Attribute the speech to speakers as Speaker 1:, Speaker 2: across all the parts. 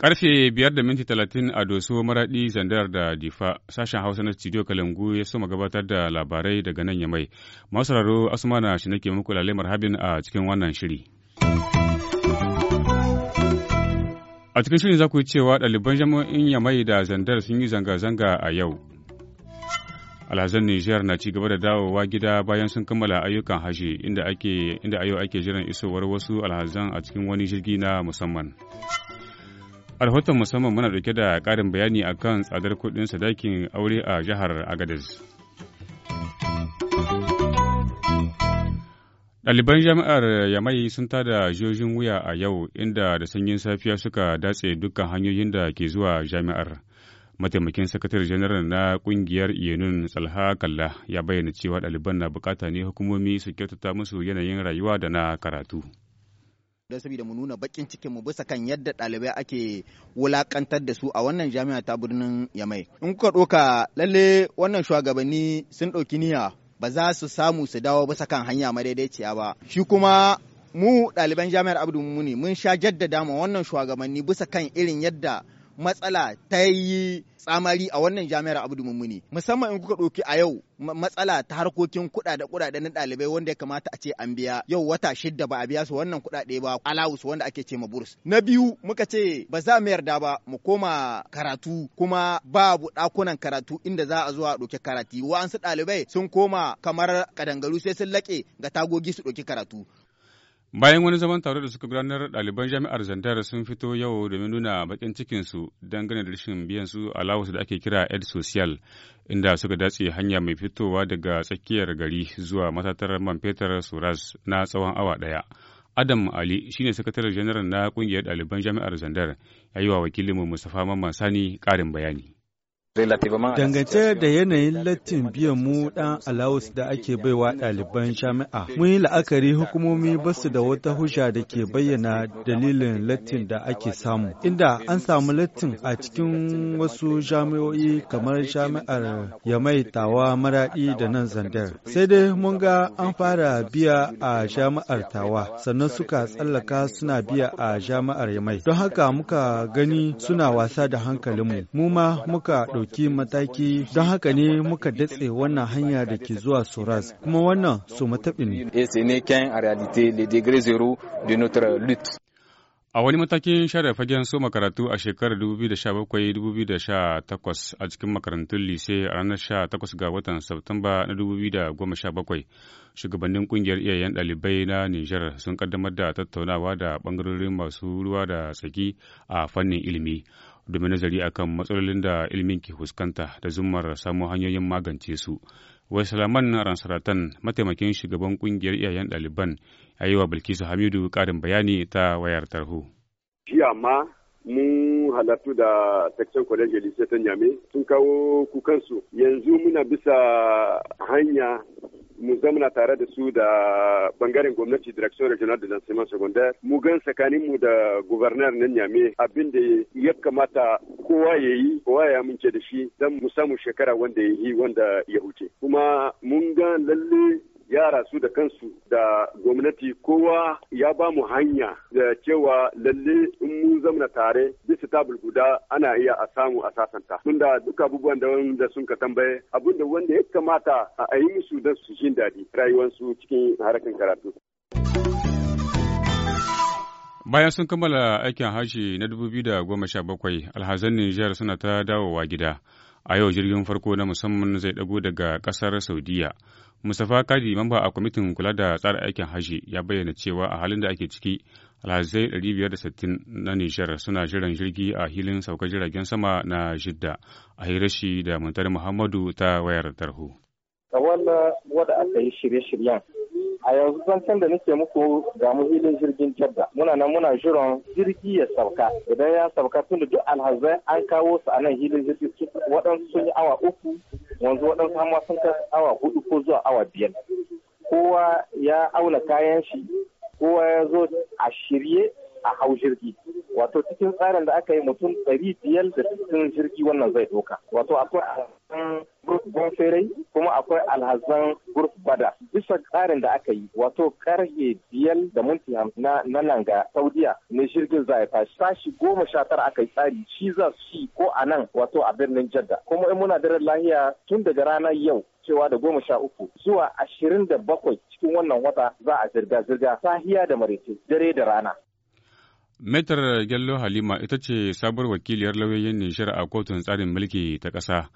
Speaker 1: Karfe biyar da minti talatin a doso maraɗi zandar da difa sashen hausa na studio kalangu ya soma gabatar da labarai daga nan ya mai masu raro asumana shi nake muku lalemar habin a cikin wannan shiri. A cikin shirin za ku yi cewa ɗaliban jami'in Yamai da Zandar sun yi zanga-zanga a yau. Alhazan Nijar na ci gaba da dawowa gida bayan sun kammala ayyukan hashe inda ake inda a yau ake jiran isowar wasu alhazan a cikin wani jirgi na musamman. A rahoton musamman muna dauke da ƙarin bayani akan tsadar kuɗin sadakin aure a jihar Agadez. Ɗaliban jami'ar Yamai sun tada jojin wuya a yau inda da sanyin safiya suka datse dukkan hanyoyin da ke zuwa jami'ar. Mataimakin sakatare janaral na ƙungiyar Yenun Tsalha Kalla ya bayyana cewa ɗaliban na bukata ne hukumomi su kyautata musu yanayin rayuwa da na karatu.
Speaker 2: don saboda mu nuna bakin cikin mu bisa kan yadda ɗalibai ake wulakantar da su a wannan jami'a ta birnin Yamai. In kuka ɗoka lalle wannan shugabanni sun ɗauki niyya ba za su samu su dawo bisa kan hanya madaidaiciya ba shi kuma mu ɗaliban jami'ar abdu muni mun sha jaddada ma wannan shugabanni bisa kan irin yadda matsala ta yi tsamari a wannan jami'ar abu Mummuni musamman in kuka ɗauki a yau matsala ta harkokin kuɗaɗe kuɗaɗe na ɗalibai wanda ya kamata a ce an biya yau wata shidda ba a biya su wannan kuɗaɗe ba alawus wanda ake ce ma burs na biyu muka ce ba za mu yarda ba mu koma karatu kuma babu ɗakunan karatu inda za a zo a ɗauki karatu wa'ansu ɗalibai sun koma kamar kadangaru sai sun laƙe ga tagogi su ɗauki karatu
Speaker 1: Bayan wani zaman taro da suka gudanar ɗaliban jami'ar Zandar sun fito yau domin nuna baƙin cikinsu dangane da rashin biyan su alawus da ake kira Ed Social, inda suka datse hanya mai fitowa daga tsakiyar gari zuwa matatar man fetur Suras na tsawon awa ɗaya. Adam Ali shine sakataren janar na ƙungiyar ɗaliban jami'ar Zandar, ya yi wa wakilinmu Mustapha Mamman Sani ƙarin bayani. Dangance
Speaker 2: da yanayin lattin biyan mu ɗan alawus da ake baiwa ɗaliban jami'a, mun yi la'akari hukumomi ba su da wata hujja da ke bayyana dalilin lattin da ake samu. Inda an samu lattin a cikin wasu jami'o'i kamar jami'ar Yamai Tawa Maraɗi da nan Zandar. Sai dai mun ga an fara biya a jami'ar Tawa, sannan suka tsallaka suna biya a jami'ar Yamai. Don haka muka gani suna wasa da hankalinmu, mu ma muka ɗauki ɗauki mataki don haka ne muka datse wannan hanya da ke zuwa Soras kuma wannan su mataɓi ne.
Speaker 1: A wani matakin share fagen so makaratu a shekarar 2017-2018 a cikin makarantun lise a ranar 18 ga watan Satumba na 2017, shugabannin kungiyar iyayen ɗalibai na Nijar sun kaddamar da tattaunawa da ɓangarorin masu ruwa da tsaki a fannin ilimi. domin nazari akan matsalolin da ilmin ke fuskanta da zumar samo hanyoyin magance su. Wai Salaman Ransaratan mataimakin shugaban kungiyar iyayen ɗaliban ya yi wa Bilkisu Hamidu ƙarin bayani ta wayar tarho.
Speaker 2: Jiya ma mun halartu da section college lycée ta Nyame sun kawo kukansu yanzu muna bisa hanya mu zamana tare da su da bangaren gwamnati direction regional de l'enseignement secondaire mu gan tsakanin mu da gouverneur na nyame abin da ya kamata kowa ya yi kowa ya amince da shi dan mu samu shekara wanda ya yi wanda ya huce kuma mun ga lalle yara su da kansu da gwamnati kowa ya ba mu hanya da cewa lalle in mun zamana tare bisa tabul guda ana iya a samu a sasanta tunda duka abubuwan da wanda sun ka tambaye abin da wanda ya kamata a yi musu don
Speaker 1: su jin daɗi rayuwarsu cikin harkan karatu. Bayan sun kammala aikin hajji na da sha 2017, alhazan Nijar suna ta dawowa gida. A yau jirgin farko na musamman zai ɗago daga ƙasar Saudiya. Mustapha Kadi mamba a kwamitin kula da tsara aikin haji ya bayyana cewa a halin da ake ciki alhazai 560 na Nijar suna jiran jirgi a hilin saukar jiragen sama na Jidda a hirashi da mutar Muhammadu ta wayar tarho.
Speaker 3: wadda
Speaker 2: aka yi shirye-shiryen a yanzu zancen da nake muku ga muhilin jirgin jadda muna nan muna jiran jirgi ya sauka idan ya sauka tun da duk alhazai an kawo su a nan hilin jirgin waɗansu sun yi awa uku yanzu waɗansu amma sun kai awa hudu ko zuwa awa biyar kowa ya aula kayan shi kowa ya zo a shirye a hau jirgi wato cikin tsarin da aka yi mutum ɗari biyar da cikin jirgi wannan zai ɗauka wato akwai alhazan gurf gonferai kuma akwai alhazan gurf bada bisa tsarin da aka yi wato karhe biyar da minti na na langa saudiya ne jirgin zai tashi tashi goma sha tara aka yi tsari shi za su yi ko a nan wato a birnin jadda kuma in muna da lahiya tun daga ranar yau cewa da goma sha uku zuwa ashirin da bakwai cikin wannan wata za a zirga-zirga sahiya da maraice dare da rana
Speaker 1: Metar Gyallo Halima ita ce sabuwar wakiliyar lauyoyin Nijar a kotun tsarin mulki ta ƙasa.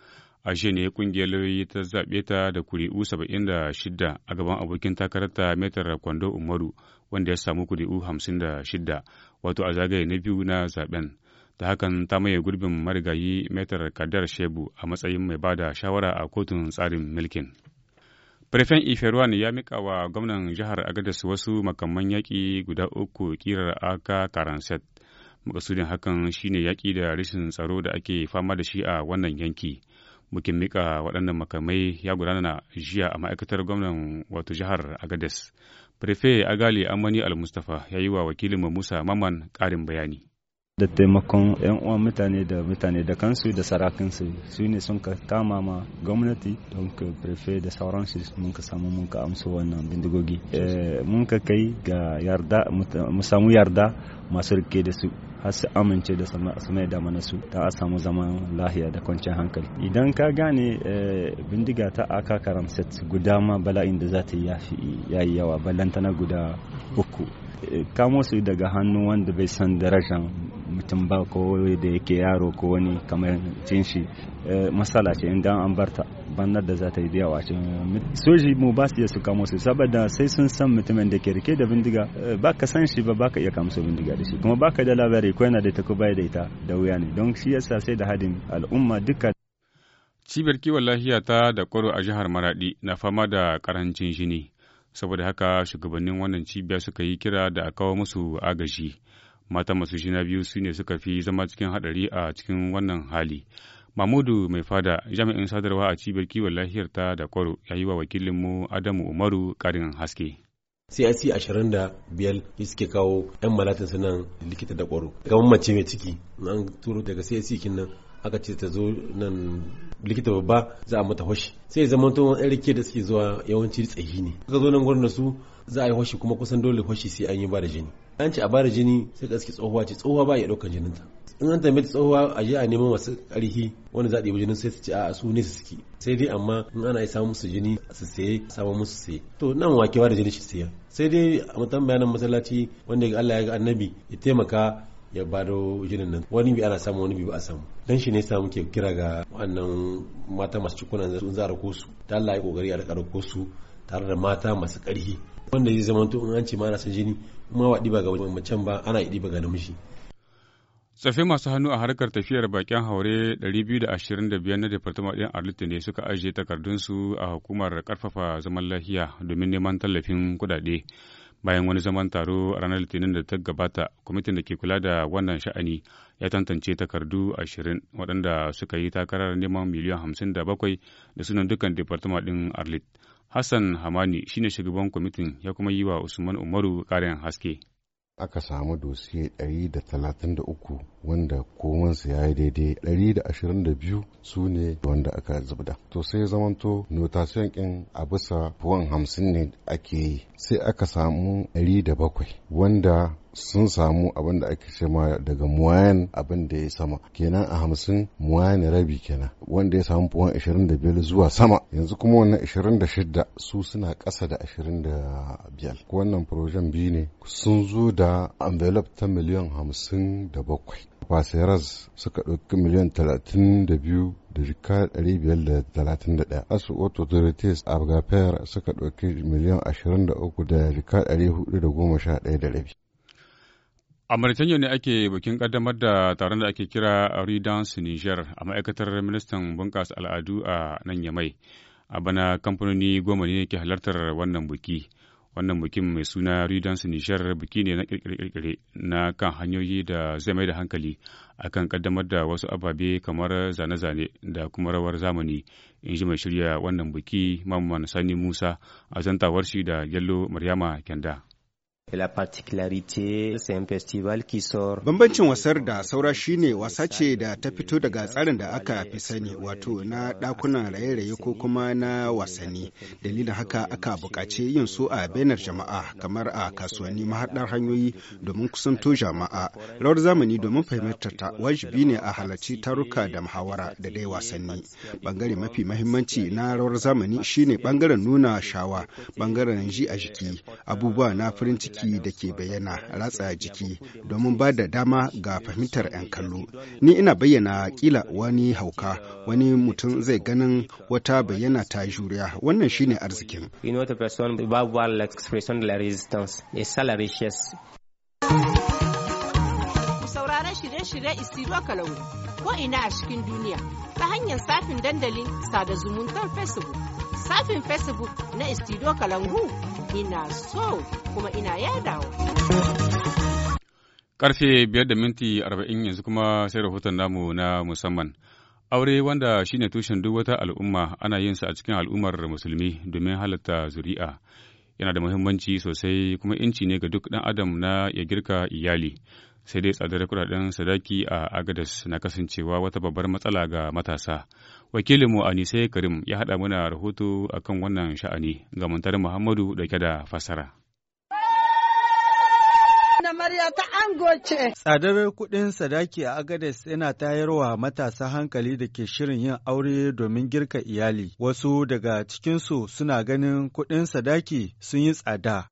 Speaker 1: A shi ne ƙungiyar lauyoyi ta zaɓe ta da kuri'u saba'in da shidda a gaban abokin takararta Metar Kwando Umaru wanda ya samu kuri'u hamsin da shidda wato a zagaye na biyu na zaɓen. ta hakan ta maye gurbin marigayi Metar Kadar Shebu a matsayin mai bada shawara a kotun tsarin mulkin. Prefen Iferuwan ya mika wa gwamnan jihar Agadez wasu makamman yaƙi guda uku ƙirar aka karanset. Makasudin hakan shine yaƙi da rashin tsaro da ake fama da shi a wannan yanki. Mukin mika waɗannan makamai ya gudana jiya a ma'aikatar gwamnan wato jihar Agadez. Prefe Agali Amani Al-Mustapha ya yi wa wakilin Musa Maman ƙarin bayani.
Speaker 4: da taimakon 'yan uwan mutane da mutane da kansu da sarakinsu su ne sun ka kama ma gwamnati don ka prefe da sauransu mun ka samu mun ka amso wannan bindigogi eh, mun ka kai ga yarda mu samu yarda masu rike da su har su amince da su mai da mana su ta a samu zaman lahiya da kwanciyar hankali idan ka gane eh, bindiga ta aka karamset guda ma bala'in da za ta yi yawa ballantana guda uku eh, kamo su daga hannu wanda bai san darajar mutum ba ko da yake yaro ko wani kamar cin shi eh, matsala ce idan an barta bannar da za ta yi da yawa ce soji mu ba su iya su kamo su saboda sai sun san mutumin da ke rike da bindiga eh, ba ka san shi ba ba ka iya su bindiga da shi kuma ba ka da labari ko yana da ta ko bai da ita da wuya ne don shi yasa sai da hadin al'umma duka
Speaker 1: cibiyar kiwon lafiya ta da kwaro a jihar maradi na fama da karancin jini saboda haka shugabannin wannan cibiya suka yi kira da a kawo musu agaji mata masu shina biyu su ne suka fi zama cikin haɗari a cikin wannan hali mamudu mai fada jami'in sadarwa a cibiyar kiwon lafiyar ta da kwaro ya yi wa wakilinmu adamu umaru ƙarin haske
Speaker 3: CIC 25 suke kawo 'yan malatin sunan likita da kwaro
Speaker 1: kamar mace mai ciki
Speaker 3: an turo daga CIC kin nan aka ce ta zo nan likita babba za a mata hoshi sai zama to wani rike da suke zuwa yawanci tsayi ne aka zo nan gurin da su za a yi hoshi kuma kusan dole hoshi sai an yi ba da jini an ce a bada jini sai ka aski tsohuwa ce tsohuwa ba ya ɗaukar jinin ta in an tambaye tsohuwa a je a neman masu ƙarfi wanda za a ɗebi jinin sai su ce a su ne su suke sai dai amma in ana yi samun musu jini su saye samun musu saye to nan wake da jini shi saye sai dai a mutan bayanan masallaci wanda Allah ya ga annabi ya taimaka ya bada da jinin nan wani bi ana samu wani bi ba a samu dan shi ne sa muke kira ga wannan mata masu cikunan sun za a rako su ta Allah ya kokari a rako su tare da mata masu ƙarfi wanda zai zama to in an ce ma jini kuma wa ɗiba ga macen
Speaker 1: ba ana yi ɗiba ga namiji tsafe masu hannu a harkar tafiyar bakin haure 225 na departament ɗin arlington ne suka ajiye takardunsu a hukumar karfafa zaman lafiya domin neman tallafin kudade bayan wani zaman taro a ranar litinin da ta gabata kwamitin da ke kula da wannan sha'ani ya tantance takardu ashirin waɗanda suka yi takarar neman miliyan hamsin da bakwai da sunan dukkan departama ɗin arlit hassan hamani shine shugaban kwamitin ya kuma yi wa usman umaru ƙarin haske aka samu
Speaker 2: dosiye 133 wanda komansa ya yi daidai 122 su ne wanda aka zubda to sai zamanto notasiyon kin a bisa buwan hamsin ne ake yi sai aka samu 107 wanda sun samu abin da ake ce ma daga muwayan abin da ya sama kenan a hamsin muwayan rabi kenan wanda ya samu puwan 25 zuwa sama yanzu kuma wannan 26 su suna ƙasa da 25 wannan projen biyu ne sun zo da envelope ta miliyan 57 Fasiras suka ɗauki miliyan 32 da jika 531 asu authorities a suka ɗauki miliyan 23 da jika 411 da rabi
Speaker 1: A Mauritania ne ake bikin kaddamar da taron da ake kira Redance Niger a ma'aikatar ministan bunƙasa al'adu a nan Yamai. A bana kamfanoni goma ne ke halartar wannan biki. Wannan bikin mai suna Redance Niger biki ne na kirkire na kan hanyoyi da zai mai da hankali a kan kaddamar da wasu ababe kamar zane-zane da kuma rawar zamani. In ji mai shirya wannan biki Mamman Sani Musa a zantawar shi da Yallo Maryama Kenda. La particularité, c'est un festival qui sort.
Speaker 2: Bambancin wasar da saura shine wasa ce da ta fito daga tsarin da aka fi sani wato na dakunan raye-raye ko kuma na wasanni. Dalilin haka aka bukaci yin su a bainar jama'a kamar a kasuwanni mahaɗar hanyoyi domin kusanto jama'a. Rawar zamani domin fahimtar ta wajibi ne a halarci taruka da muhawara da dai wasanni. Bangare mafi mahimmanci na rawar zamani shine bangaren nuna shawa, bangaren ji a jiki, abubuwa na farin ciki aiki da ke bayyana ratsa jiki domin ba da dama ga fahimtar 'yan kallo ni ina bayyana kila wani hauka wani mutum zai ganin wata bayyana ta juriya wannan shine arzikin
Speaker 4: shirye-shirye isiro kalangu ko ina a cikin duniya ta hanyar safin dandalin sada zumuntar facebook safin facebook na istido kalangu ina so kuma ina yadawa.
Speaker 1: Karfe biyar da minti arba'in yanzu kuma sai rahoton namu na musamman. Aure wanda shine tushen duk wata al'umma ana yin sa a cikin al'ummar musulmi domin halatta zuri'a. Yana da muhimmanci sosai kuma inci ne ga duk dan adam na ya girka iyali. Sai dai tsadar kudaden sadaki a Agadas na kasancewa wata babbar matsala ga matasa. Wakilinmu Anise Karim ya haɗa mana rahoto akan wannan sha'ani ga Muhammadu ke da fassara.
Speaker 2: na Dangote. Tsadar kuɗin sadaki a Agades yana tayar wa matasa hankali da ke shirin yin aure domin girka iyali. Wasu daga cikinsu suna ganin kuɗin sadaki sun yi tsada.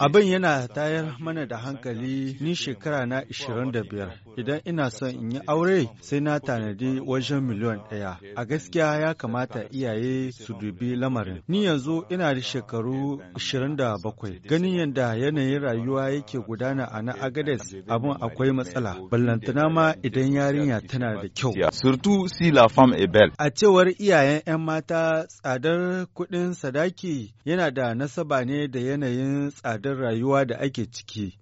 Speaker 2: Abin yana tayar mana da hankali ni shekara na 25. Idan ina son in yi aure sai na tanadi wajen miliyon ɗaya. A gaskiya ya kamata iyaye su dubi lamarin. Ni yanzu ina da shekaru 27. Ganin yadda yanayin rayuwa yake gudana a na Agades abin akwai matsala ballantana ma idan yarinya tana da kyau Surutu si la femme est belle a cewar iyayen 'yan mata tsadar kuɗin sadaki yana da nasaba ne da yanayin tsadar rayuwa da ake ciki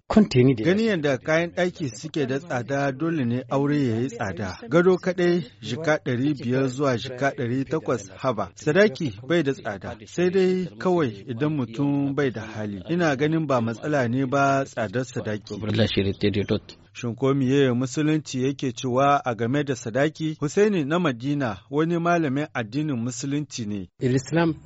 Speaker 2: gani yadda kayan ɗaki suke da tsada dole ne aure ya yi tsada gado kaɗai jika ɗari biyar zuwa jika ɗari takwas haba sadaki bai da tsada sai dai kawai idan mutum bai da hali ina ganin ba matsala ne ba tsadar sadaki te dirot Shin ko miye musulunci yake cewa a game da sadaki? Husaini na Madina wani malamin addinin musulunci ne.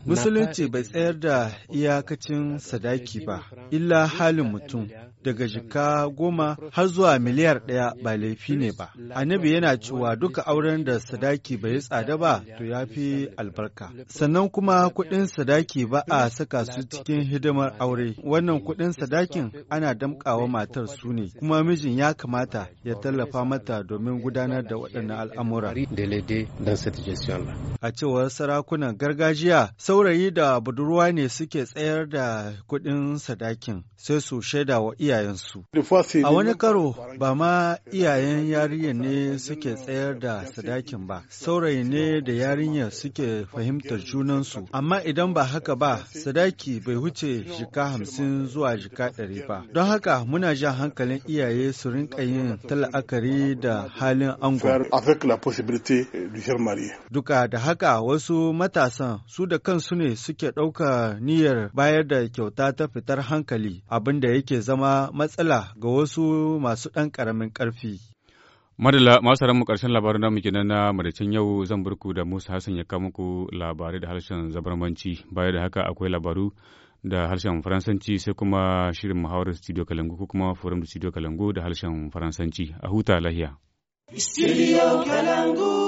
Speaker 2: Musulunci bai tsayar da iyakacin sadaki ba, illa halin mutum daga jika goma har zuwa miliyar ɗaya ba laifi ne ba. Annabi yana cewa duka auren da sadaki bai yi tsada ba to ya fi albarka. Sannan kuma kuɗin sadaki ba a saka su cikin hidimar aure. Wannan kuɗin sadakin ana damƙawa matar su ne, kuma mijin ya kamata ya tallafa mata domin gudanar da waɗannan al'amura. A cewar sarakunan gargajiya, saurayi da budurwa ne suke tsayar da kuɗin sadakin sai su shaida wa iyayensu. A wani karo ba ma iyayen yarinya ne suke tsayar da sadakin ba, saurayi ne da yarinya suke fahimtar junansu, amma idan ba haka ba, sadaki bai wuce jika hamsin zuwa jika ɗari ba. Don haka muna jan hankalin iyaye su rinka rinka yin tal'akari da halin angon. Duka da haka wasu matasan su da kansu ne suke ɗauka niyyar bayar da kyauta ta fitar hankali abin da yake zama matsala ga wasu masu ɗan ƙaramin ƙarfi.
Speaker 1: Madalla masu ranar ƙarshen labarin namu kenan na madacin yau zan burku da Musa Hassan ya kawo muku labarai da harshen zabarmanci baya da haka akwai labaru da harshen faransanci sai kuma shirin muhawarar studio kalangu ko kuma forum studio kalangu da harshen faransanci a huta lahiya. Studio kalangu.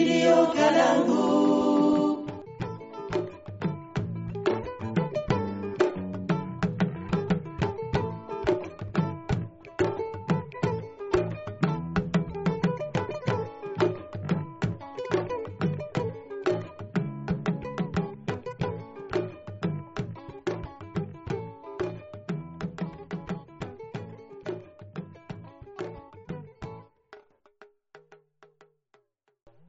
Speaker 2: ¡Gracias!